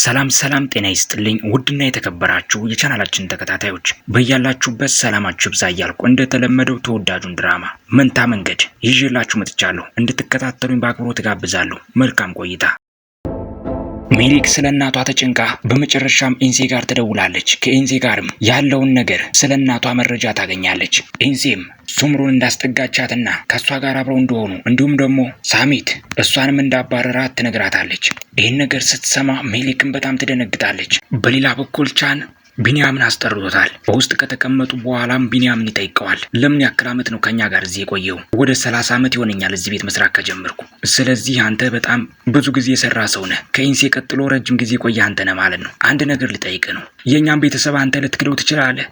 ሰላም ሰላም፣ ጤና ይስጥልኝ ውድና የተከበራችሁ የቻናላችን ተከታታዮች በያላችሁበት ሰላማችሁ ይብዛ እያልኩ እንደተለመደው ተወዳጁን ድራማ መንታ መንገድ ይዤላችሁ መጥቻለሁ። እንድትከታተሉኝ በአክብሮት ጋብዛለሁ። መልካም ቆይታ ሜሊክ ስለ እናቷ ተጨንቃ በመጨረሻም ኢንሴ ጋር ትደውላለች። ከኢንሴ ጋርም ያለውን ነገር ስለ እናቷ መረጃ ታገኛለች። ኢንሴም ሱምሩን እንዳስጠጋቻትና ከእሷ ጋር አብረው እንደሆኑ እንዲሁም ደግሞ ሳሚት እሷንም እንዳባረራት ትነግራታለች። ይህን ነገር ስትሰማ ሜሊክም በጣም ትደነግጣለች። በሌላ በኩል ቻን ቢንያምን አስጠርቶታል። በውስጥ ከተቀመጡ በኋላም ቢንያምን ይጠይቀዋል። ለምን ያክል ዓመት ነው ከኛ ጋር እዚህ የቆየው? ወደ ሰላሳ ዓመት ይሆነኛል እዚህ ቤት መስራት ከጀመርኩ። ስለዚህ አንተ በጣም ብዙ ጊዜ የሰራ ሰው ነህ። ከኢንሴ ቀጥሎ ረጅም ጊዜ የቆየ አንተ ነህ ማለት ነው። አንድ ነገር ልጠይቅ ነው። የእኛም ቤተሰብ አንተ ልትክደው ትችላለህ?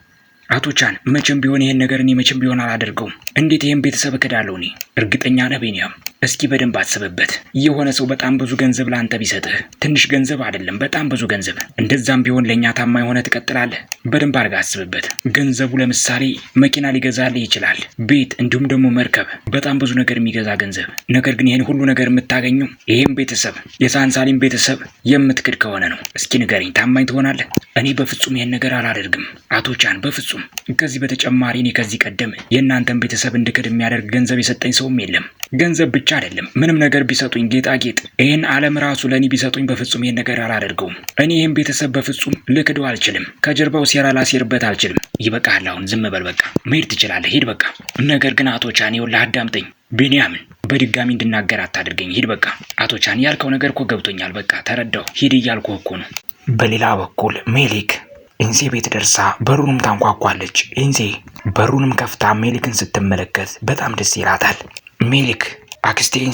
አቶ ቻን፣ መቼም ቢሆን ይሄን ነገር እኔ መቼም ቢሆን አላደርገውም። እንዴት ይህን ቤተሰብ እክዳለሁ? እኔ እርግጠኛ ነህ ቢንያም እስኪ በደንብ አስብበት። የሆነ ሰው በጣም ብዙ ገንዘብ ለአንተ ቢሰጥህ ትንሽ ገንዘብ አይደለም፣ በጣም ብዙ ገንዘብ። እንደዛም ቢሆን ለእኛ ታማኝ ሆነ ትቀጥላለህ። በደንብ አድርጋ አስብበት። ገንዘቡ ለምሳሌ መኪና ሊገዛልህ ይችላል፣ ቤት፣ እንዲሁም ደግሞ መርከብ፣ በጣም ብዙ ነገር የሚገዛ ገንዘብ። ነገር ግን ይህን ሁሉ ነገር የምታገኘው ይህም ቤተሰብ የሳንሳሊም ቤተሰብ የምትክድ ከሆነ ነው። እስኪ ንገረኝ፣ ታማኝ ትሆናለህ? እኔ በፍጹም ይህን ነገር አላደርግም አቶ ቻን፣ በፍጹም ከዚህ በተጨማሪ እኔ ከዚህ ቀደም የእናንተን ቤተሰብ እንድክድ የሚያደርግ ገንዘብ የሰጠኝ ሰውም የለም። ገንዘብ ብቻ አይደለም፣ ምንም ነገር ቢሰጡኝ ጌጣጌጥ፣ ይህን ዓለም ራሱ ለእኔ ቢሰጡኝ በፍጹም ይህን ነገር አላደርገውም። እኔ ይህን ቤተሰብ በፍጹም ልክደው አልችልም። ከጀርባው ሴራ ላሴርበት አልችልም። ይበቃል፣ አሁን ዝም በል በቃ፣ መሄድ ትችላለህ፣ ሂድ በቃ። ነገር ግን አቶ ቻኔ ይኸውልህ፣ አዳምጠኝ። ቢንያምን በድጋሚ እንድናገር አታድርገኝ፣ ሂድ በቃ። አቶ ቻኔ ያልከው ነገር እኮ ገብቶኛል፣ በቃ ተረዳው፣ ሂድ እያልኩ እኮ ነው። በሌላ በኩል ሜሊክ ኢንሴ ቤት ደርሳ በሩንም ታንኳኳለች። ኢንሴ በሩንም ከፍታ ሜሊክን ስትመለከት በጣም ደስ ይላታል። ሚሊክ አክስቴን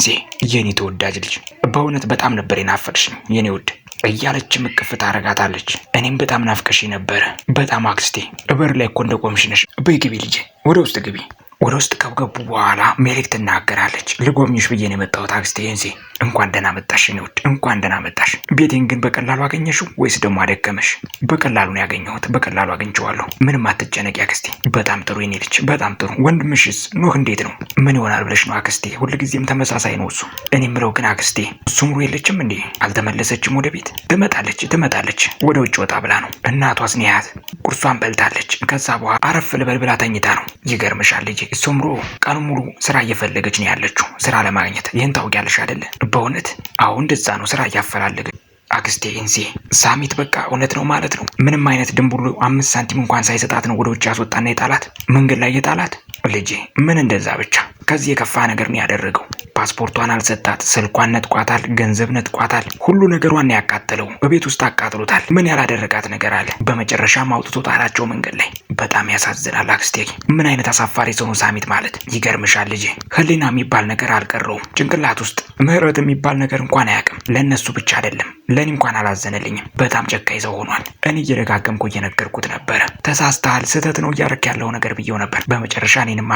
የኔ ተወዳጅ ልጅ በእውነት በጣም ነበር የናፈቅሽ የኔ ውድ እያለች እቅፍ ታረጋታለች። እኔም በጣም ናፍቀሽ ነበረ። በጣም አክስቴ በር ላይ እኮ እንደቆምሽ ነሽ። በይ ግቢ ልጄ፣ ወደ ውስጥ ግቢ ወደ ውስጥ ከገቡ በኋላ ሜሪክ ትናገራለች። ልጎብኝሽ ብዬ ነው የመጣሁት አክስቴ። ሄንሴ እንኳን ደህና መጣሽ የኔ ውድ፣ እንኳን ደህና መጣሽ። ቤቴን ግን በቀላሉ አገኘሽው ወይስ ደግሞ አደከመሽ? በቀላሉ ነው ያገኘሁት፣ በቀላሉ አግኝቼዋለሁ። ምንም አትጨነቂ አክስቴ። በጣም ጥሩ የኔ ልጅ፣ በጣም ጥሩ። ወንድምሽስ ኖህ እንዴት ነው? ምን ይሆናል ብለሽ ነው አክስቴ? ሁልጊዜም ተመሳሳይ ነው እሱ። እኔ ምለው ግን አክስቴ ሱምሩ የለችም እንዴ? አልተመለሰችም ወደ ቤት? ትመጣለች፣ ትመጣለች። ወደ ውጭ ወጣ ብላ ነው። እናቷስ ኒያት ቁርሷን በልታለች። ከዛ በኋላ አረፍ ልበል ብላ ተኝታ ነው። ይገርምሻል ልጅ እሶምሮ ቀኑን ሙሉ ስራ እየፈለገች ነው ያለችው፣ ስራ ለማግኘት ይህን ታውቂያለሽ አይደለ? በእውነት አሁን እንደዛ ነው ስራ እያፈላለገ አክስቴ እንዜ ሳሚት በቃ እውነት ነው ማለት ነው። ምንም አይነት ድንቡሉ አምስት ሳንቲም እንኳን ሳይሰጣት ነው ወደ ውጭ ያስወጣና የጣላት መንገድ ላይ የጣላት ልጄ ምን እንደዛ ብቻ ከዚህ የከፋ ነገር ነው ያደረገው። ፓስፖርቷን አልሰጣት፣ ስልኳን ነጥቋታል፣ ገንዘብ ነጥቋታል፣ ሁሉ ነገሯን ያቃጠለው በቤት ውስጥ አቃጥሎታል። ምን ያላደረጋት ነገር አለ? በመጨረሻም አውጥቶ ጣላቸው መንገድ ላይ። በጣም ያሳዝናል አክስቴ። ምን አይነት አሳፋሪ ሰው ነው ሳሚት ማለት። ይገርምሻል ልጄ፣ ህሊና የሚባል ነገር አልቀረውም ጭንቅላት ውስጥ። ምህረት የሚባል ነገር እንኳን አያውቅም። ለእነሱ ብቻ አይደለም ለእኔ እንኳን አላዘነልኝም። በጣም ጨካኝ ሰው ሆኗል። እኔ እየደጋገምኩ እየነገርኩት ነበረ። ተሳስተሃል፣ ስህተት ነው እያደረክ ያለው ነገር ብዬው ነበር። በመጨረሻ እኔንም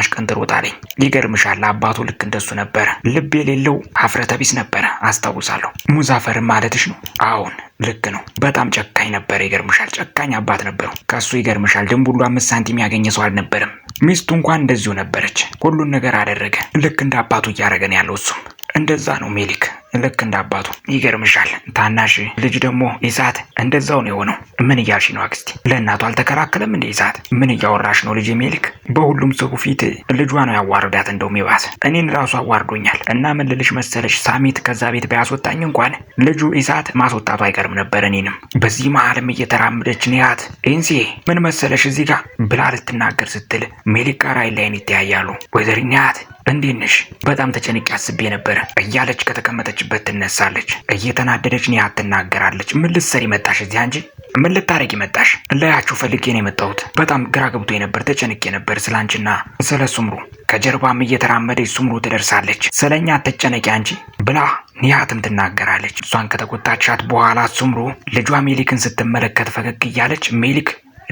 ጣለኝ። ይገርም ይገርምሻል፣ አባቱ ልክ እንደሱ ነበረ። ልብ የሌለው አፍረተቢስ ነበረ፣ አስታውሳለሁ። ሙዛፈር ማለትሽ ነው? አሁን ልክ ነው። በጣም ጨካኝ ነበረ። ይገርምሻል፣ ጨካኝ አባት ነበረው። ከሱ ይገርምሻል፣ ድንቡሉ አምስት ሳንቲም ያገኘ ሰው አልነበረም። ሚስቱ እንኳን እንደዚሁ ነበረች። ሁሉን ነገር አደረገ፣ ልክ እንደ አባቱ ነው ያለው እሱም እንደዛ ነው ሜሊክ ልክ እንደ አባቱ ይገርምሻል። ታናሽ ልጅ ደግሞ ይዛት እንደዛው ነው የሆነው። ምን እያልሽ ነው አክስቴ? ለእናቱ አልተከራከለም እንደ ይዛት ምን እያወራሽ ነው ልጅ ሜሊክ? በሁሉም ሰው ፊት ልጇ ነው ያዋርዳት፣ እንደውም ይባስ እኔን ራሱ አዋርዶኛል። እና ምን ልልሽ መሰለሽ ሳሚት ከዛ ቤት ባያስወጣኝ እንኳን ልጁ ይዛት ማስወጣቱ አይቀርም ነበር እኔንም። በዚህ መሀልም እየተራመደች ንያት ኤንሴ ምን መሰለሽ እዚህ ጋር ብላ ልትናገር ስትል ሜሊክ ጋር አይን ለአይን ይተያያሉ። ወይዘሪ ንያት እንዴት ነሽ? በጣም ተጨንቄ አስቤ ነበር እያለች ከተቀመጠችበት ትነሳለች። እየተናደደች ኒሃ ትናገራለች። ምን ልትሰሪ መጣሽ እዚህ አንቺ? ምን ልታረጊ መጣሽ? ላያችሁ ፈልጌ ነው የመጣሁት። በጣም ግራ ገብቶ የነበር ተጨንቄ ነበር ስለ አንቺና ስለ ሱምሩ። ከጀርባም እየተራመደች ሱምሩ ትደርሳለች። ስለ እኛ ተጨነቂ አንቺ ብላ ኒያትም ትናገራለች። እሷን ከተቆጣቻት በኋላ ሱምሩ ልጇ ሜሊክን ስትመለከት ፈገግ እያለች ሜሊክ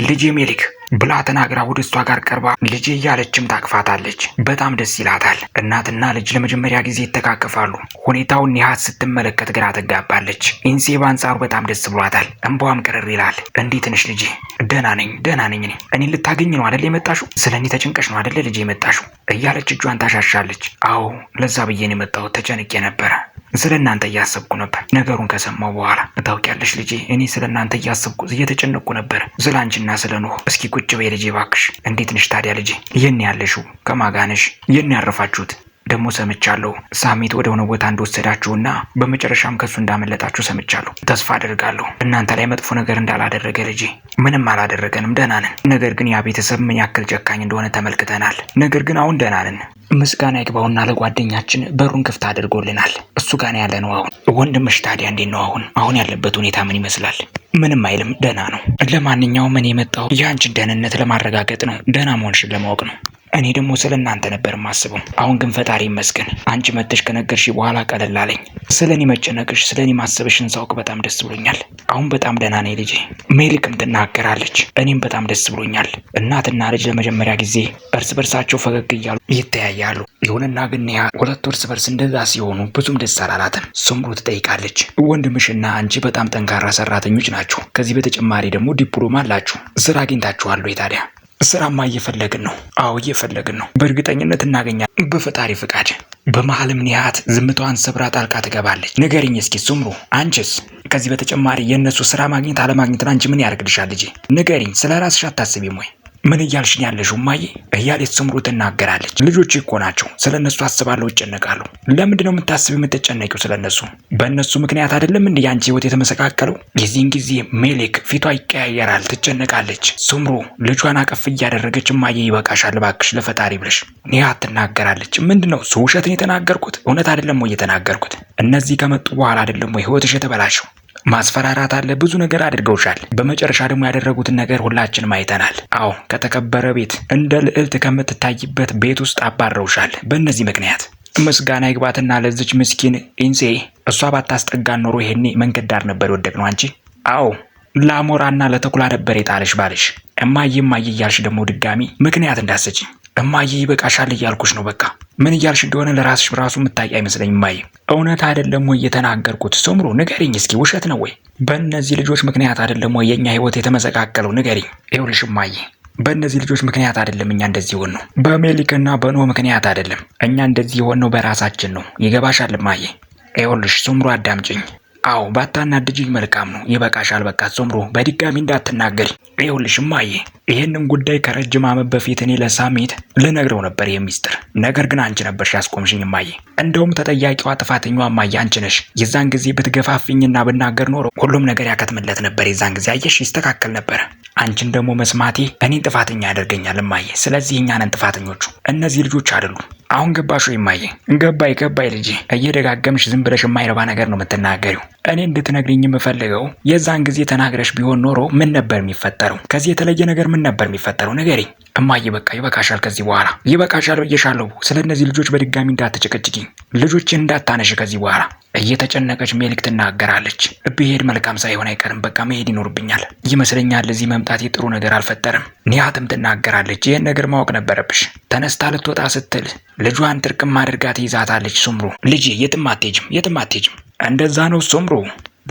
ልጄ ሜሊክ ብላ ተናግራ ወደ እሷ ጋር ቀርባ ልጄ እያለችም ታቅፋታለች። በጣም ደስ ይላታል። እናትና ልጅ ለመጀመሪያ ጊዜ ይተቃቀፋሉ። ሁኔታውን ኒሃት ስትመለከት ግራ ትጋባለች። ኢንሴ በአንጻሩ በጣም ደስ ብሏታል። እንባዋም ቅርር ይላል። እንዴት ነሽ ልጄ? ደህና ነኝ፣ ደህና ነኝ። እኔ እኔን ልታገኝ ነው አደለ የመጣሽው? ስለ እኔ ተጨንቀሽ ነው አደለ ልጄ የመጣሽው? እያለች እጇን ታሻሻለች። አዎ ለዛ ብዬን የመጣሁት ተጨንቄ ነበረ ስለ እናንተ እያሰብኩ ነበር። ነገሩን ከሰማው በኋላ ታውቅያለሽ ልጄ፣ እኔ ስለ እናንተ እያሰብኩ እየተጨነቅኩ ነበር፣ ስለ አንቺና ስለ ኖህ። እስኪ ቁጭ በይ ልጄ ባክሽ እንዴት ነሽ ታዲያ ልጄ? ይህን ያለሽው ከማጋነሽ ይህን ያረፋችሁት ደግሞ ሰምቻለሁ ሳሚት ወደ ሆነ ቦታ እንደወሰዳችሁና በመጨረሻም ከሱ እንዳመለጣችሁ ሰምቻለሁ። ተስፋ አደርጋለሁ እናንተ ላይ መጥፎ ነገር እንዳላደረገ ልጄ። ምንም አላደረገንም፣ ደህና ነን። ነገር ግን ያ ቤተሰብ ምን ያክል ጨካኝ እንደሆነ ተመልክተናል። ነገር ግን አሁን ደህና ነን። ምስጋና ይግባውና ለጓደኛችን በሩን ክፍት አድርጎልናል። እሱ ጋር ያለ ነው። አሁን ወንድምሽ ታዲያ እንዴት ነው? አሁን አሁን ያለበት ሁኔታ ምን ይመስላል? ምንም አይልም፣ ደህና ነው። ለማንኛውም እኔ የመጣው የአንችን ደህንነት ለማረጋገጥ ነው፣ ደህና መሆንሽን ለማወቅ ነው። እኔ ደግሞ ስለ እናንተ ነበር ማስበው አሁን ግን ፈጣሪ ይመስገን አንቺ መጥተሽ ከነገርሽ በኋላ ቀለል አለኝ። ስለ እኔ መጨነቅሽ፣ ስለ እኔ ማሰብሽን ሳውቅ በጣም ደስ ብሎኛል። አሁን በጣም ደህና ነኝ ልጄ። ሜሊክም ትናገራለች። እኔም በጣም ደስ ብሎኛል። እናትና ልጅ ለመጀመሪያ ጊዜ እርስ በርሳቸው ፈገግ እያሉ ይተያያል። ይለያያሉ። ይሁንና ግን ያ ሁለት እርስ በርስ እንደዛ ሲሆኑ ብዙም ደስ አላላትም። ስምሩ ትጠይቃለች። ወንድምሽና አንቺ በጣም ጠንካራ ሰራተኞች ናችሁ። ከዚህ በተጨማሪ ደግሞ ዲፕሎማ አላችሁ። ስራ አግኝታችኋል ወይ ታዲያ? ስራማ እየፈለግን ነው። አዎ እየፈለግን ነው። በእርግጠኝነት እናገኛለን በፈጣሪ ፍቃድ። በመሀልም ኒያት ዝምታዋን ሰብራ ጣልቃ ትገባለች። ንገሪኝ እስኪ ሱምሩ፣ አንቺስ ከዚህ በተጨማሪ የእነሱ ስራ ማግኘት አለማግኘትን አንቺ ምን ያደርግልሻል? ልጄ ንገሪኝ። ስለ ራስሽ አታስቢም ወይ? ምን እያልሽን ያለሽ እማዬ እያለች ስምሩ ትናገራለች። ልጆች እኮ ናቸው፣ ስለ እነሱ አስባለሁ፣ እጨነቃለሁ። ለምንድነው የምታስብ የምትጨነቂው ስለ እነሱ? በእነሱ ምክንያት አይደለም እንዲ ያንቺ ህይወት የተመሰቃቀለው። የዚህን ጊዜ ሜሌክ ፊቷ ይቀያየራል፣ ትጨነቃለች። ስምሩ ልጇን አቀፍ እያደረገች እማዬ ይበቃሻል፣ እባክሽ ለፈጣሪ ብለሽ ኒሃት ትናገራለች። ምንድነው እሱ ውሸትን የተናገርኩት? እውነት አይደለም ወይ የተናገርኩት? እነዚህ ከመጡ በኋላ አይደለም ወይ ህይወትሽ የተበላሸው? ማስፈራራት አለ፣ ብዙ ነገር አድርገውሻል። በመጨረሻ ደግሞ ያደረጉትን ነገር ሁላችንም አይተናል። አዎ ከተከበረ ቤት እንደ ልዕልት ከምትታይበት ቤት ውስጥ አባረውሻል። በእነዚህ ምክንያት ምስጋና ይግባትና ለዚች ምስኪን ኢንሴ እሷ ባታስጠጋን ኖሮ ይሄኔ መንገድ ዳር ነበር ወደቅ ነው። አንቺ አዎ ለአሞራና ለተኩላ ነበር የጣለሽ ባልሽ። እማዬ እማዬ እያልሽ ደግሞ ድጋሚ ምክንያት እንዳሰጭኝ እማዬ ይበቃሻል እያልኩሽ ነው። በቃ ምን እያልሽ እንደሆነ ለራስሽ ራሱ የምታውቂ አይመስለኝ። እማዬ እውነት አይደለም ወይ የተናገርኩት? ስምሩ ንገሪኝ እስኪ፣ ውሸት ነው ወይ? በእነዚህ ልጆች ምክንያት አይደለም ወይ የእኛ ህይወት የተመሰቃቀለው? ንገሪኝ። ይኸውልሽ እማዬ በእነዚህ ልጆች ምክንያት አይደለም እኛ እንደዚህ ሆን ነው። በሜሊክና በኖ ምክንያት አይደለም እኛ እንደዚህ ሆን ነው። በራሳችን ነው። ይገባሻል እማዬ? ይኸውልሽ ሶምሮ አዳምጭኝ። አዎ ባታናድጅኝ መልካም ነው። ይበቃሻል። በቃ ሶምሮ በድጋሚ እንዳትናገሪ። ይኸውልሽ እማዬ ይህንን ጉዳይ ከረጅም ዓመት በፊት እኔ ለሳሜት ልነግረው ነበር ሚስጥር። ነገር ግን አንቺ ነበርሽ ያስቆምሽኝ እማዬ። እንደውም ተጠያቂዋ ጥፋተኛዋ እማዬ አንቺ ነሽ። የዛን ጊዜ ብትገፋፍኝና ብናገር ኖሮ ሁሉም ነገር ያከትምለት ነበር። የዛን ጊዜ አየሽ ይስተካከል ነበር። አንቺን ደግሞ መስማቴ እኔን ጥፋተኛ ያደርገኛል እማዬ። ስለዚህ እኛ ነን ጥፋተኞቹ፣ እነዚህ ልጆች አይደሉም። አሁን ገባሽ ወይ እማዬ? ገባይ ገባይ ልጄ። እየደጋገምሽ ዝም ብለሽ የማይረባ ነገር ነው የምትናገሪው። እኔ እንድትነግሪኝ የምፈልገው የዛን ጊዜ ተናግረሽ ቢሆን ኖሮ ምን ነበር የሚፈጠረው? ከዚህ የተለየ ነገር ምን ነበር የሚፈጠረው? ንገሪኝ እማዬ። በቃ ይበቃሻል፣ ከዚህ በኋላ ይበቃሻል ብዬሻለሁ። ስለ እነዚህ ልጆች በድጋሚ እንዳትጨቀጭቂኝ፣ ልጆችን እንዳታነሽ ከዚህ በኋላ እየተጨነቀች ሜሊክ ትናገራለች። ብሄድ መልካም ሳይሆን አይቀርም። በቃ መሄድ ይኖርብኛል ይመስለኛል። እዚህ መምጣት የጥሩ ነገር አልፈጠርም። ኒያትም ትናገራለች። ይህን ነገር ማወቅ ነበረብሽ። ተነስታ ልትወጣ ስትል ልጇን ጥርቅም አድርጋ ትይዛታለች። ሱምሩ ልጄ፣ የትም አትሄጂም፣ የትም አትሄጂም። እንደዛ ነው ሱምሩ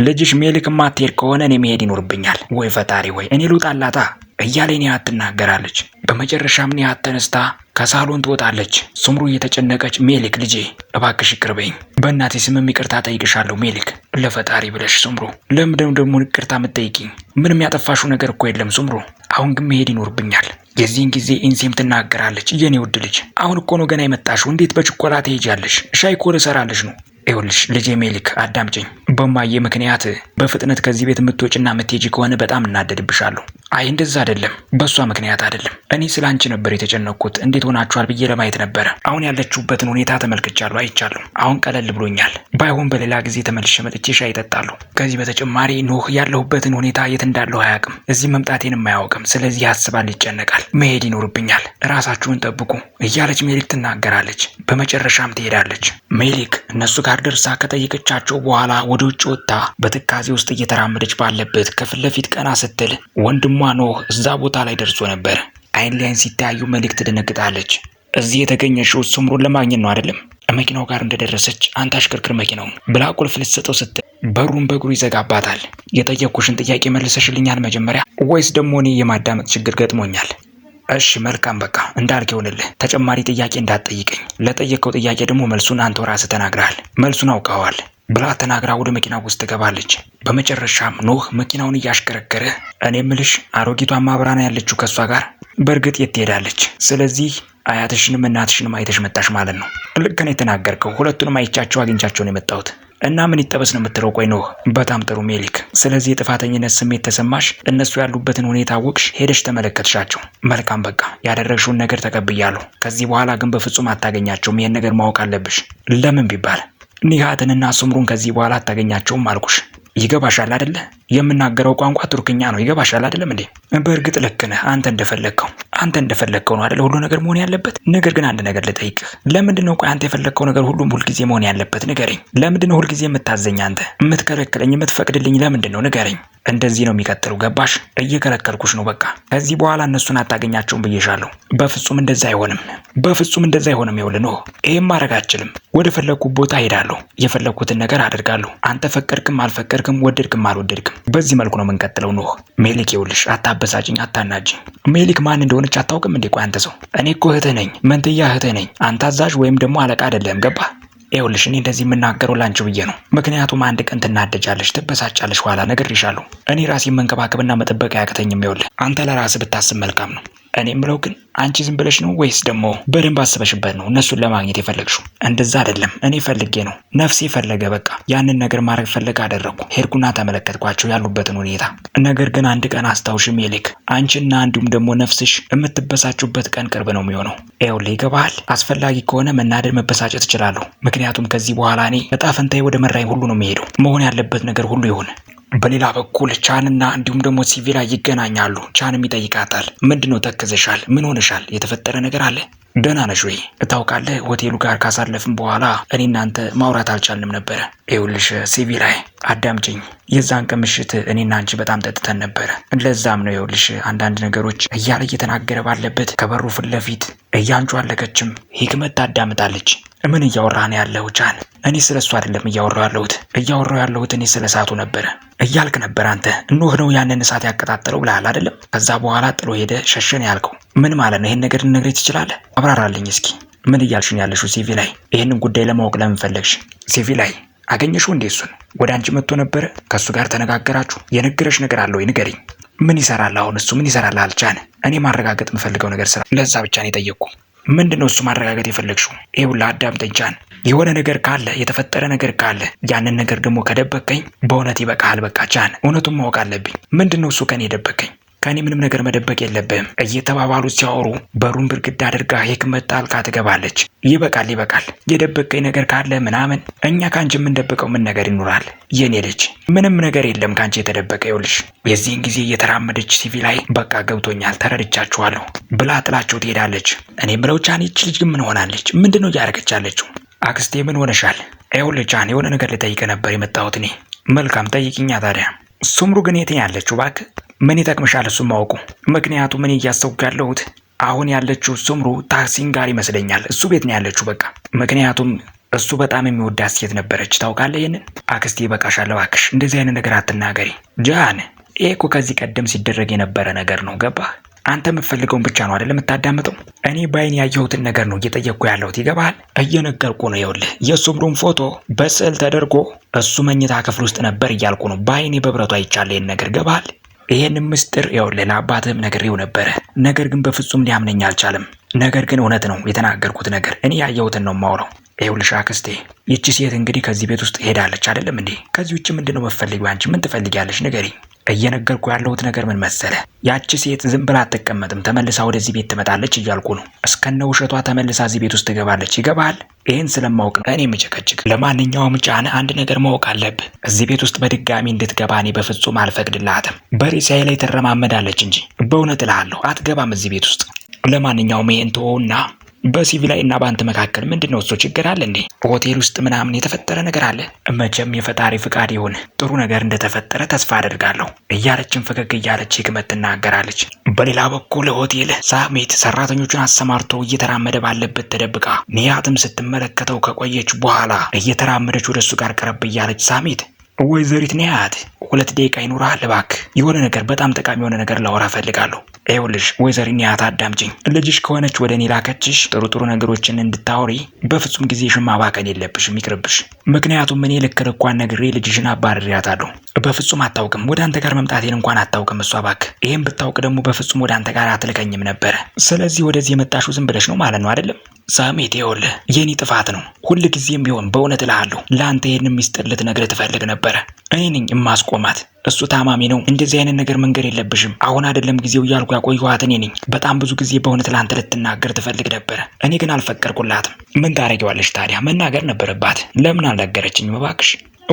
ልጅሽ ሜሊክ ማትሄድ ከሆነ እኔ መሄድ ይኖርብኛል። ወይ ፈጣሪ ወይ እኔ ልውጣላታ እያለ ኒሃት ትናገራለች። በመጨረሻም ኒሃት ተነስታ ከሳሎን ትወጣለች። ሱምሩ እየተጨነቀች ሜሊክ ልጄ እባክሽ ይቅርበኝ፣ በእናቴ ስምም ይቅርታ ጠይቅሻለሁ ሜሊክ፣ ለፈጣሪ ብለሽ ሱምሩ። ለምደም ደግሞ ይቅርታ የምትጠይቂኝ? ምንም ያጠፋሽው ነገር እኮ የለም ሱምሩ። አሁን ግን መሄድ ይኖርብኛል። የዚህን ጊዜ ኢንሴም ትናገራለች። የኔ ውድ ልጅ አሁን እኮ ነው ገና የመጣሽው፣ እንዴት በችኮላ ትሄጃለሽ? ሻይ እኮ ልሰራለሽ ነው ይኸውልሽ ልጄ ሜሊክ አዳምጭኝ። በማየ ምክንያት በፍጥነት ከዚህ ቤት የምትወጭና የምትሄጂ ከሆነ በጣም እናደድብሻለሁ። አይ እንደዛ አይደለም፣ በእሷ ምክንያት አይደለም። እኔ ስለ አንቺ ነበር የተጨነቅኩት፣ እንዴት ሆናችኋል ብዬ ለማየት ነበረ። አሁን ያለችሁበትን ሁኔታ ተመልክቻለሁ፣ አይቻለሁ። አሁን ቀለል ብሎኛል። ባይሆን በሌላ ጊዜ ተመልሼ መጥቼ ሻይ ይጠጣሉ። ከዚህ በተጨማሪ ኖህ ያለሁበትን ሁኔታ የት እንዳለሁ አያውቅም፣ እዚህ መምጣቴንም አያውቅም። ስለዚህ ያስባል፣ ይጨነቃል። መሄድ ይኖርብኛል። ራሳችሁን ጠብቁ እያለች ሜሊክ ትናገራለች። በመጨረሻም ትሄዳለች። ሜሊክ እነሱ ጋር ደርሳ ከጠየቀቻቸው በኋላ ወደ ውጭ ወጥታ በትካዜ ውስጥ እየተራመደች ባለበት ከፊት ለፊት ቀና ስትል ወንድሟ ኖህ እዛ ቦታ ላይ ደርሶ ነበር። አይን ላይን ሲታዩ መልእክት ትደነግጣለች። እዚህ የተገኘሽው ስምሩን ለማግኘት ነው አይደለም? መኪናው ጋር እንደደረሰች አንተ አሽከርክር መኪናውን ብላ ቁልፍ ልትሰጠው ስትል በሩን በእግሩ ይዘጋባታል። የጠየኩሽን ጥያቄ መልሰሽልኛል መጀመሪያ ወይስ ደግሞ እኔ የማዳመጥ ችግር ገጥሞኛል? እሺ መልካም፣ በቃ እንዳልክ ይሆንልህ። ተጨማሪ ጥያቄ እንዳትጠይቀኝ። ለጠየቀው ጥያቄ ደግሞ መልሱን አንተ ራስህ ተናግረሃል። መልሱን አውቀዋል። ብላ ተናግራ ወደ መኪና ውስጥ ትገባለች። በመጨረሻም ኖህ መኪናውን እያሽከረከረ እኔ ምልሽ አሮጊቷ ማብራና ያለችው ከእሷ ጋር በእርግጥ የት ትሄዳለች? ስለዚህ አያትሽንም እናትሽንም አይተሽ መጣሽ ማለት ነው። ልክ ነው የተናገርከው። ሁለቱንም አይቻቸው አግኝቻቸውን የመጣሁት እና ምን ይጠበስ ነው የምትለው? ቆይ ኖህ፣ በጣም ጥሩ ሜሊክ። ስለዚህ የጥፋተኝነት ስሜት ተሰማሽ፣ እነሱ ያሉበትን ሁኔታ አወቅሽ፣ ሄደሽ ተመለከትሻቸው። መልካም፣ በቃ ያደረግሽውን ነገር ተቀብያለሁ። ከዚህ በኋላ ግን በፍጹም አታገኛቸውም። ይህን ነገር ማወቅ አለብሽ። ለምን ቢባል ኒሃትንና ስምሩን ከዚህ በኋላ አታገኛቸውም አልኩሽ። ይገባሻል አይደለ? የምናገረው ቋንቋ ቱርክኛ ነው። ይገባሻል አይደለም እንዴ? በእርግጥ ልክ ነህ። አንተ እንደፈለግከው አንተ እንደፈለግከው ነው አይደለ ሁሉ ነገር መሆን ያለበት። ነገር ግን አንድ ነገር ልጠይቅህ። ለምንድን ነው ቆይ አንተ የፈለግከው ነገር ሁሉም ሁልጊዜ መሆን ያለበት? ንገረኝ። ለምንድን ነው ሁልጊዜ የምታዘኝ አንተ? የምትከለክለኝ የምትፈቅድልኝ ለምንድን ነው ንገረኝ። እንደዚህ ነው የሚቀጥሉ። ገባሽ? እየከለከልኩሽ ነው። በቃ ከዚህ በኋላ እነሱን አታገኛቸውም ብዬሻለሁ። በፍጹም እንደዛ አይሆንም። በፍጹም እንደዛ አይሆንም። ይኸውልህ ነው ይሄም ማድረግ አችልም ወደ ፈለግኩት ቦታ ሄዳለሁ። የፈለግኩትን ነገር አደርጋለሁ። አንተ ፈቀድክም አልፈቀድክም፣ ወደድክም አልወደድክም በዚህ መልኩ ነው የምንቀጥለው። ኖህ ሜሊክ ይኸውልሽ፣ አታበሳጭኝ፣ አታናጅኝ። ሜሊክ ማን እንደሆነች አታውቅም እንዴ? ቆይ አንተ ሰው፣ እኔ እኮ እህትህ ነኝ፣ መንትያ እህትህ ነኝ። አንተ አዛዥ ወይም ደግሞ አለቃ አይደለም። ገባ? ይኸውልሽ፣ እኔ እንደዚህ የምናገረው ላንቺ ብዬ ነው። ምክንያቱም አንድ ቀን ትናደጃለሽ፣ ትበሳጫለሽ። ኋላ ነገር ይሻሉ። እኔ ራሴ መንከባከብና መጠበቅ አያቅተኝም። ይኸውልህ፣ አንተ ለራስህ ብታስብ መልካም ነው። እኔ የምለው ግን አንቺ ዝም ብለሽ ነው ወይስ ደግሞ በደንብ አስበሽበት ነው እነሱን ለማግኘት የፈለግሽው? እንደዛ አይደለም። እኔ ፈልጌ ነው፣ ነፍሴ ፈለገ። በቃ ያንን ነገር ማድረግ ፈለገ አደረግኩ። ሄድኩና ተመለከትኳቸው ያሉበትን ሁኔታ። ነገር ግን አንድ ቀን አስታውሽ ሜሌክ፣ አንቺና እንዲሁም ደግሞ ነፍስሽ የምትበሳጩበት ቀን ቅርብ ነው የሚሆነው። ይኸውልህ፣ ይገባሃል፣ አስፈላጊ ከሆነ መናደድ፣ መበሳጨት እችላለሁ። ምክንያቱም ከዚህ በኋላ እኔ እጣ ፈንታዬ ወደ መራኝ ሁሉ ነው የሚሄደው። መሆን ያለበት ነገር ሁሉ ይሆን። በሌላ በኩል ቻንና እንዲሁም ደግሞ ሲቪላ ይገናኛሉ። ቻንም ይጠይቃታል። ምንድን ነው ተክዘሻል? ምን ሆነሻል? የተፈጠረ ነገር አለ? ደህና ነሽ ወይ? እታውቃለህ ሆቴሉ ጋር ካሳለፍም በኋላ እኔ እናንተ ማውራት አልቻልንም ነበረ። ይኸውልሽ ሲቪ ላይ አዳምጭኝ የዛን ቀን ምሽት እኔና አንቺ በጣም ጠጥተን ነበረ። ለዛም ነው ይኸውልሽ አንዳንድ ነገሮች እያለ እየተናገረ ባለበት ከበሩ ፊት ለፊት አለቀችም። ሂክመት ታዳምጣለች። ምን እያወራህ ነው ያለው ጃን? እኔ ስለ እሱ አይደለም እያወራሁ ያለሁት እያወራሁ ያለሁት እኔ ስለ እሳቱ ነበረ እያልክ ነበር አንተ። እኖህ ነው ያንን እሳት ያቀጣጠለው ብለሃል አይደለም? ከዛ በኋላ ጥሎ ሄደ ሸሸን ያልከው ምን ማለት ነው? ይህን ነገር ልነግረኝ ትችላለህ? አብራራልኝ እስኪ ምን እያልሽን ያለሽው ሲቪ ላይ? ይህንን ጉዳይ ለማወቅ ለምን ፈለግሽ? ላይ አገኘሽው እንዴ? እሱን ወደ አንቺ መጥቶ ነበረ? ከእሱ ጋር ተነጋገራችሁ? የነገረሽ ነገር አለ ወይ? ንገሪኝ። ምን ይሰራል አሁን? እሱ ምን ይሰራል? አልቻን እኔ ማረጋገጥ የምፈልገው ነገር ስራ፣ ለዛ ብቻ ነው የጠየቅኩ። ምንድን ነው እሱ ማረጋገጥ የፈለግሽው? ይሁላ አዳምጠኝ ቻን። የሆነ ነገር ካለ የተፈጠረ ነገር ካለ ያንን ነገር ደግሞ ከደበቀኝ በእውነት ይበቃሃል። በቃ ቻን፣ እውነቱን ማወቅ አለብኝ። ምንድን ነው እሱ ከኔ የደበቀኝ? ከእኔ ምንም ነገር መደበቅ የለብህም እየተባባሉ ሲያወሩ በሩን ብርግዳ አድርጋ የክመት ጣልቃ ትገባለች። ይበቃል ይበቃል፣ የደበቀኝ ነገር ካለ ምናምን እኛ ከአንቺ የምንደብቀው ምን ነገር ይኖራል? የኔ ልጅ ምንም ነገር የለም ከአንቺ የተደበቀ ይውልሽ። የዚህን ጊዜ እየተራመደች ሲቪ ላይ በቃ ገብቶኛል፣ ተረድቻችኋለሁ ብላ ጥላቸው ትሄዳለች። እኔ ብለው ቻን ይች ልጅ ምን ሆናለች? ምንድን ነው እያደረገች ያለችው? አክስቴ ምን ሆነሻል? ይኸውልህ ቻን የሆነ ነገር ልጠይቅህ ነበር የመጣሁት እኔ። መልካም ጠይቅኛ ታዲያ። ሱምሩ ግን የት ያለችው? እባክህ ምን ይጠቅምሻል እሱም ማወቁ? ምክንያቱም ምን እያሰብኩ ያለሁት አሁን ያለችው ስምሩ ታክሲን ጋር ይመስለኛል እሱ ቤት ነው ያለችው። በቃ ምክንያቱም እሱ በጣም የሚወዳት ሴት ነበረች። ታውቃለህ ይህንን? አክስቴ ይበቃሻል እባክሽ፣ እንደዚህ አይነት ነገር አትናገሪ ጃን። ይሄ እኮ ከዚህ ቀደም ሲደረግ የነበረ ነገር ነው። ገባህ? አንተ የምትፈልገውን ብቻ ነው አይደል የምታዳምጠው? እኔ በአይን ያየሁትን ነገር ነው እየጠየቅኩ ያለሁት። ይገባሃል? እየነገርኩ ነው። ይኸውልህ የሱምሩን ፎቶ በስዕል ተደርጎ እሱ መኝታ ክፍል ውስጥ ነበር እያልኩ ነው። በአይኔ በብረቱ አይቻለ ይህን ነገር ገባሃል? ይሄንም ምስጢር ያው ለአባትህም ነግሬው ነበረ። ነገር ግን በፍጹም ሊያምነኝ አልቻለም። ነገር ግን እውነት ነው የተናገርኩት ነገር እኔ ያየሁትን ነው የማውለው። ይኸውልሽ አክስቴ ይቺ ሴት እንግዲህ ከዚህ ቤት ውስጥ ሄዳለች አይደለም እንዴ? ከዚህ ውጭ ምንድነው መፈልጊው? አንቺ ምን ትፈልጊያለሽ? ንገሪ። እየነገርኩ ያለሁት ነገር ምን መሰለ፣ ያቺ ሴት ዝም ብላ አትቀመጥም፣ ተመልሳ ወደዚህ ቤት ትመጣለች እያልኩ ነው። እስከነ ውሸቷ ተመልሳ እዚህ ቤት ውስጥ ትገባለች። ይገባል። ይህን ስለማወቅ ነው እኔ ምጭቅጭቅ። ለማንኛውም ጫነ፣ አንድ ነገር ማወቅ አለብህ። እዚህ ቤት ውስጥ በድጋሚ እንድትገባ እኔ በፍጹም አልፈቅድላትም። በሬሳዬ ላይ ትረማመዳለች እንጂ በእውነት እልሃለሁ፣ አትገባም እዚህ ቤት ውስጥ። ለማንኛውም ይህን ተወውና ላይ እና በአንተ መካከል ምንድን ነው እሱ ችግር አለ እንዴ? ሆቴል ውስጥ ምናምን የተፈጠረ ነገር አለ? መቼም የፈጣሪ ፍቃድ ይሁን ጥሩ ነገር እንደተፈጠረ ተስፋ አደርጋለሁ እያለችን ፈገግ እያለች ህክመት ትናገራለች። በሌላ በኩል ሆቴል ሳሜት ሰራተኞቹን አሰማርቶ እየተራመደ ባለበት ተደብቃ ኒያትም ስትመለከተው ከቆየች በኋላ እየተራመደች ወደ እሱ ጋር ቀረብ እያለች ሳሜት ወይዘሪት ኒያት ሁለት ደቂቃ ይኑራል እባክህ። የሆነ ነገር በጣም ጠቃሚ የሆነ ነገር ላወራ እፈልጋለሁ። ይኸውልሽ ወይዘሪ ኒያት አዳምጪኝ። ልጅሽ ከሆነች ወደ እኔ ላከችሽ ጥሩ ጥሩ ነገሮችን እንድታወሪ፣ በፍጹም ጊዜሽን ማባከን የለብሽም ይቅርብሽ። ምክንያቱም እኔ ልክር እኳን ነግሬ ልጅሽን አባርሬያታለሁ። በፍጹም አታውቅም። ወደ አንተ ጋር መምጣቴን እንኳን አታውቅም እሷ እባክህ። ይህም ብታውቅ ደግሞ በፍጹም ወደ አንተ ጋር አትልከኝም ነበረ። ስለዚህ ወደዚህ የመጣሽው ዝም ብለሽ ነው ማለት ነው አይደለም? ሳሜት ይኸውልህ የኔ ጥፋት ነው። ጊዜም ቢሆን በእውነት እልሃለሁ ለአንተ ይህን ሚስጥር ነገር ትፈልግ ነበረ። እኔ ነኝ የማስቆማት እሱ ታማሚ ነው። እንደዚህ አይነት ነገር መንገድ የለብሽም። አሁን አይደለም ጊዜው እያልኩ ያቆየኋት እኔ ነኝ። በጣም ብዙ ጊዜ በእውነት ለአንተ ልትናገር ትፈልግ ነበረ። እኔ ግን አልፈቀድኩላትም። ምን ታደርጊዋለሽ ታዲያ? መናገር ነበረባት። ለምን አልነገረችኝም እባክሽ?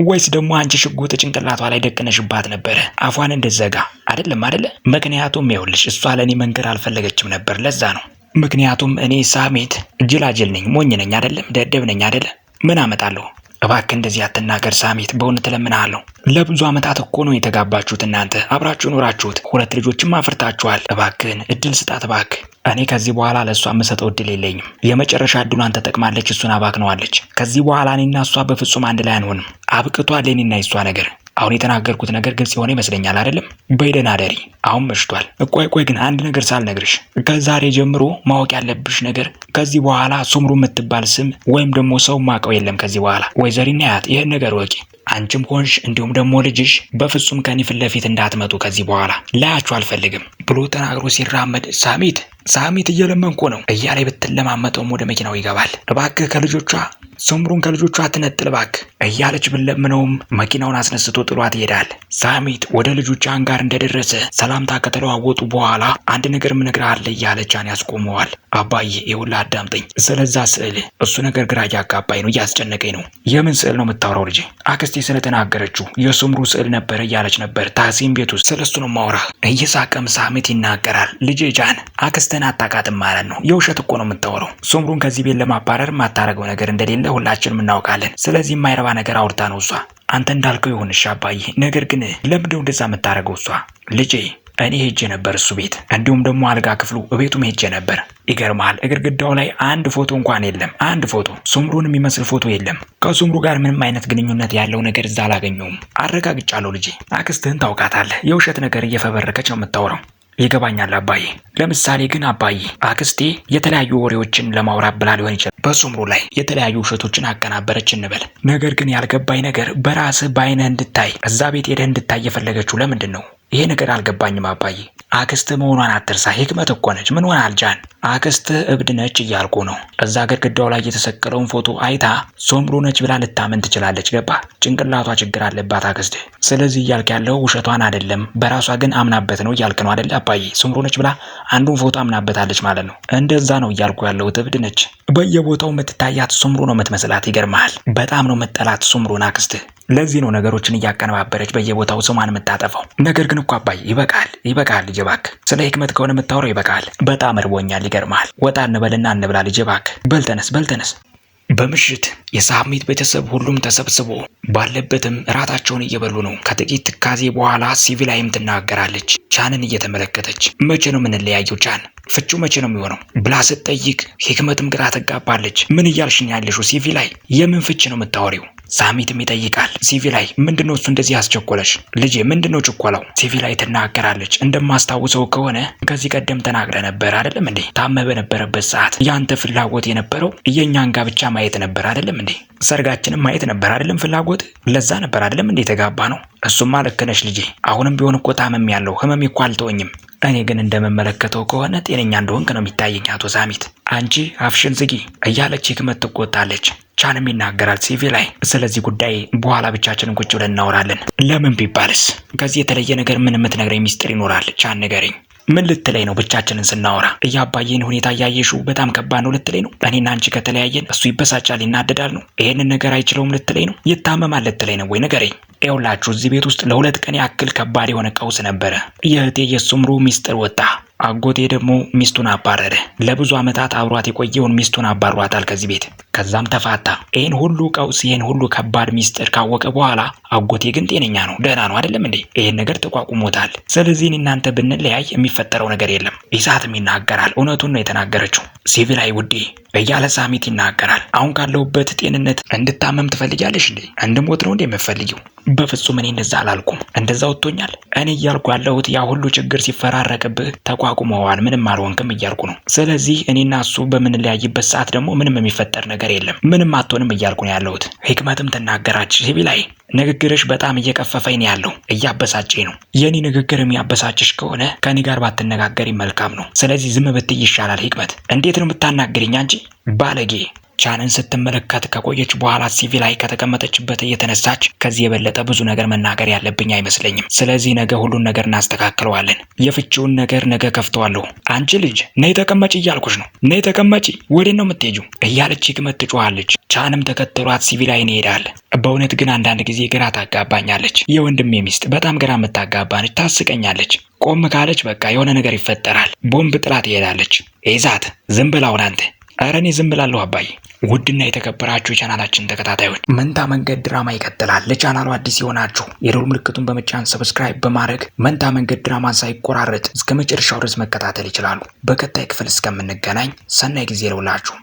ወይስ ደግሞ አንቺ ሽጉጥ ጭንቅላቷ ላይ ደቅነሽባት ነበረ አፏን እንደዘጋ አይደለም አይደለ? ምክንያቱም ይኸውልሽ እሷ ለእኔ መንገር አልፈለገችም ነበር። ለዛ ነው ምክንያቱም እኔ ሳሜት ጅላጅል ነኝ፣ ሞኝ ነኝ አይደለም፣ ደደብ ነኝ አይደለም። ምን አመጣለሁ? እባክህ እንደዚህ አትናገር ሳሜት፣ በእውነት እለምንሃለሁ። ለብዙ ዓመታት እኮ ነው የተጋባችሁት እናንተ አብራችሁ ኖራችሁት፣ ሁለት ልጆችም አፍርታችኋል። እባክህን እድል ስጣት እባክህ። እኔ ከዚህ በኋላ ለእሷ የምሰጠው እድል የለኝም። የመጨረሻ እድሏን ተጠቅማለች፣ እሱን አባክነዋለች። ከዚህ በኋላ እኔና እሷ በፍጹም አንድ ላይ አንሆንም። አብቅቷል የኔና የሷ ነገር። አሁን የተናገርኩት ነገር ግልጽ የሆነ ይመስለኛል አይደለም? በይደን አደሪ አሁን መሽቷል። ቆይ ቆይ ግን አንድ ነገር ሳልነግርሽ ከዛሬ ጀምሮ ማወቅ ያለብሽ ነገር ከዚህ በኋላ ሱምሩ የምትባል ስም ወይም ደግሞ ሰው ማቀው የለም ከዚህ በኋላ ወይዘሪና ያት ይህን ነገር ወቂ። አንቺም ሆንሽ እንዲሁም ደግሞ ልጅሽ በፍጹም ከኔ ፊት ለፊት እንዳትመጡ ከዚህ በኋላ ላያችሁ አልፈልግም ብሎ ተናግሮ ሲራመድ ሳሚት ሳሚት እየለመንኩ ነው እያለ ብትለማመጠውም ወደ መኪናው ይገባል። እባክህ ከልጆቿ ሰምሩን ከልጆቿ አትነጥል ባክ እያለች ብለምነውም መኪናውን አስነስቶ ጥሏት ይሄዳል። ሳሚት ወደ ልጆች አንጋር እንደደረሰ ሰላምታ ከተለዋወጡ በኋላ አንድ ነገር እነግርሃለሁ እያለቻን ያስቆመዋል። አባዬ ይኸውልህ አዳምጠኝ፣ ስለዛ ስዕል እሱ ነገር ግራ እያጋባኝ ነው፣ እያስጨነቀኝ ነው። የምን ስዕል ነው የምታወራው ልጄ? አክስቴ ስለተናገረችው የሰምሩ ስዕል ነበረ እያለች ነበር። ታሲም ቤት ውስጥ ስለሱ ነው ማውራህ። እየሳቀም ሳሚት ይናገራል። ልጄ ጃን አክስትን አታውቃትም ማለት ነው። የውሸት እኮ ነው የምታወራው። ሰምሩን ከዚህ ቤት ለማባረር የማታረገው ነገር እንደሌለ ሁላችንም እናውቃለን። ስለዚህ የማይረባ ነገር አውርታ ነው እሷ። አንተ እንዳልከው ይሁን እሺ አባዬ፣ ነገር ግን ለምንድነው እንደዛ የምታደርገው እሷ? ልጄ እኔ ሄጄ ነበር እሱ ቤት፣ እንዲሁም ደግሞ አልጋ ክፍሉ ቤቱም ሄጄ ነበር። ይገርማል፣ ግድግዳው ላይ አንድ ፎቶ እንኳን የለም። አንድ ፎቶ ሱምሩን የሚመስል ፎቶ የለም። ከሱምሩ ጋር ምንም አይነት ግንኙነት ያለው ነገር እዛ አላገኘውም። አረጋግጫለሁ ልጄ። አክስትህን ታውቃታለህ። የውሸት ነገር እየፈበረከች ነው የምታውረው። ይገባኛል አባዬ። ለምሳሌ ግን አባዬ አክስቴ የተለያዩ ወሬዎችን ለማውራት ብላ ሊሆን ይችላል። በሱምሩ ላይ የተለያዩ ውሸቶችን አቀናበረች እንበል። ነገር ግን ያልገባኝ ነገር በራስህ በአይነህ እንድታይ እዛ ቤት ሄደህ እንድታይ የፈለገችው ለምንድን ነው? ይሄ ነገር አልገባኝም አባዬ። አክስት መሆኗን አትርሳ። ህክመት እኮ ነች። ምን ሆነ አልጃን? አክስትህ እብድ ነች እያልኩ ነው። እዛ ግድግዳው ላይ የተሰቀለውን ፎቶ አይታ ሶምሮ ነች ብላ ልታመን ትችላለች። ገባ? ጭንቅላቷ ችግር አለባት አክስት ስለዚህ እያልክ ያለው ውሸቷን አይደለም፣ በራሷ ግን አምናበት ነው እያልክ ነው አደለ አባዬ? ሶምሮ ነች ብላ አንዱን ፎቶ አምናበታለች ማለት ነው። እንደዛ ነው እያልኩ ያለሁት። እብድ ነች። በየቦታው የምትታያት ሶምሮ ነው የምትመስላት። ይገርመሃል። በጣም ነው የምትጠላት ሶምሮን አክስት። ለዚህ ነው ነገሮችን እያቀነባበረች በየቦታው ስሟን የምታጠፋው። ነገር ግን እኮ አባይ ይበቃል፣ ይበቃል ልጄ እባክህ። ስለ ህክመት ከሆነ የምታወራው ይበቃል። በጣም እርቦኛል። ይገርማል። ወጣ እንበልና እንብላ ልጄ እባክህ። በልተነስ በልተነስ በምሽት የሳሚት ቤተሰብ ሁሉም ተሰብስቦ ባለበትም እራታቸውን እየበሉ ነው። ከጥቂት ትካዜ በኋላ ሲቪላይም ትናገራለች ቻንን እየተመለከተች። መቼ ነው የምንለያየው ቻን? ፍቹ መቼ ነው የሚሆነው ብላ ስትጠይቅ ሂክመትም ግራ ተጋባለች። ምን እያልሽኝ ያለሽው ሲቪ ላይ የምን ፍች ነው የምታወሪው? ሳሚትም ይጠይቃል። ሲቪ ላይ ምንድነው እሱ እንደዚህ ያስቸኮለሽ? ልጄ ምንድነው ችኮላው? ሲቪ ላይ ትናገራለች። እንደማስታውሰው ከሆነ ከዚህ ቀደም ተናግረ ነበር አይደለም እንዴ? ታመ በነበረበት ሰዓት ያንተ ፍላጎት የነበረው የእኛን ጋብቻ ማየት ነበር አይደለም እንዴ? ሰርጋችንም ማየት ነበር አይደለም ፍላጎት። ለዛ ነበር አይደለም እንዴ የተጋባ ነው። እሱማ ልክ ነሽ ልጄ። አሁንም ቢሆን እኮ ታመም ያለው ህመም ይኳ አልተወኝም። እኔ ግን እንደምመለከተው ከሆነ ጤነኛ እንደሆንክ ነው የሚታየኝ አቶ ሳሚት። አንቺ አፍሽን ዝጊ እያለች ህክመት ትቆጣለች። ቻንም ይናገራል ሲቪ ላይ። ስለዚህ ጉዳይ በኋላ ብቻችንን ቁጭ ብለን እናወራለን። ለምን ቢባልስ ከዚህ የተለየ ነገር ምን የምትነግረኝ ሚስጥር ይኖራል? ቻን ንገረኝ። ምን ልትለይ ነው? ብቻችንን ስናወራ እያባየን ሁኔታ እያየሹ በጣም ከባድ ነው ልትለይ ነው? እኔና አንቺ ከተለያየን እሱ ይበሳጫል፣ ይናደዳል ነው? ይህንን ነገር አይችለውም ልትለይ ነው? ይታመማል ልትለይ ነው ወይ? ንገረኝ። ይኸውላችሁ እዚህ ቤት ውስጥ ለሁለት ቀን ያክል ከባድ የሆነ ቀውስ ነበረ። የእህቴ የሱምሩ ሚስጥር ወጣ። አጎቴ ደግሞ ሚስቱን አባረረ። ለብዙ ዓመታት አብሯት የቆየውን ሚስቱን አባሯታል ከዚህ ቤት። ከዛም ተፋታ። ይህን ሁሉ ቀውስ፣ ይህን ሁሉ ከባድ ሚስጥር ካወቀ በኋላ አጎቴ ግን ጤነኛ ነው፣ ደህና ነው አይደለም እንዴ? ይህን ነገር ተቋቁሞታል። ስለዚህ እናንተ ብንለያይ የሚፈጠረው ነገር የለም። ይሳትም ይናገራል። እውነቱን ነው የተናገረችው። ሲቪላይ ውዴ እያለ ሳሚት ይናገራል። አሁን ካለሁበት ጤንነት እንድታመም ትፈልጊያለሽ እንዴ? እንድሞት ነው እንዴ የምፈልጊው? በፍጹም እኔ እንደዛ አላልኩም። እንደዛ ወጥቶኛል። እኔ እያልኩ ያለሁት ያ ሁሉ ችግር ሲፈራረቅብህ ተቋቁመዋል፣ ምንም አልሆንክም እያልኩ ነው። ስለዚህ እኔና እሱ በምንለያይበት ሰዓት ደግሞ ምንም የሚፈጠር ነገር የለም፣ ምንም አትሆንም እያልኩ ነው ያለሁት። ህክመትም ትናገራች ሲቪላይ ንግግርሽ በጣም እየቀፈፈኝ ነው ያለው፣ እያበሳጨኝ ነው። የኔ ንግግር የሚያበሳጭሽ ከሆነ ከኔ ጋር ባትነጋገሪ መልካም ነው። ስለዚህ ዝም ብትይ ይሻላል። ህክመት እንዴት ነው የምታናግሪኝ አንቺ ባለጌ ቻንን ስትመለከት ከቆየች በኋላ ላይ ከተቀመጠችበት እየተነሳች ከዚህ የበለጠ ብዙ ነገር መናገር ያለብኝ አይመስለኝም። ስለዚህ ነገ ሁሉን ነገር እናስተካክለዋለን። የፍቺውን ነገር ነገ ከፍተዋለሁ። አንቺ ልጅ ነይ ተቀመጪ እያልኩሽ ነው። ነይ ተቀመጪ። ወዴት ነው የምትሄጂው? እያለች ግመት ትጮኻለች። ቻንም ተከተሏት። ላይ ይሄዳል በእውነት ግን አንዳንድ ጊዜ ግራ ታጋባኛለች። የወንድሜ ሚስት በጣም ግራ የምታጋባነች፣ ታስቀኛለች። ቆም ካለች በቃ የሆነ ነገር ይፈጠራል። ቦምብ ጥላት ይሄዳለች። ይዛት ዝም ብላውን አንተ እረ እኔ ዝም ብላለሁ አባዬ። ውድና የተከበራችሁ የቻናላችን ተከታታዮች መንታ መንገድ ድራማ ይቀጥላል። ለቻናሉ አዲስ የሆናችሁ የደወል ምልክቱን በመጫን ሰብስክራይብ በማድረግ መንታ መንገድ ድራማን ሳይቆራረጥ እስከ መጨረሻው ድረስ መከታተል ይችላሉ። በቀጣይ ክፍል እስከምንገናኝ ሰናይ ጊዜ ይለውላችሁ።